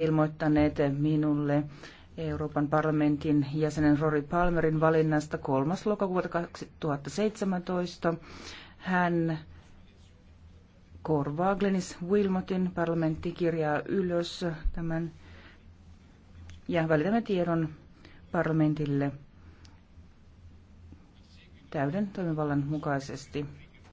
ilmoittaneet minulle Euroopan parlamentin jäsenen Rory Palmerin valinnasta 3. lokakuuta 2017. Hän korvaa Glenis Wilmotin parlamenttikirjaa ylös tämän ja välitämme tiedon parlamentille täyden toimivallan mukaisesti.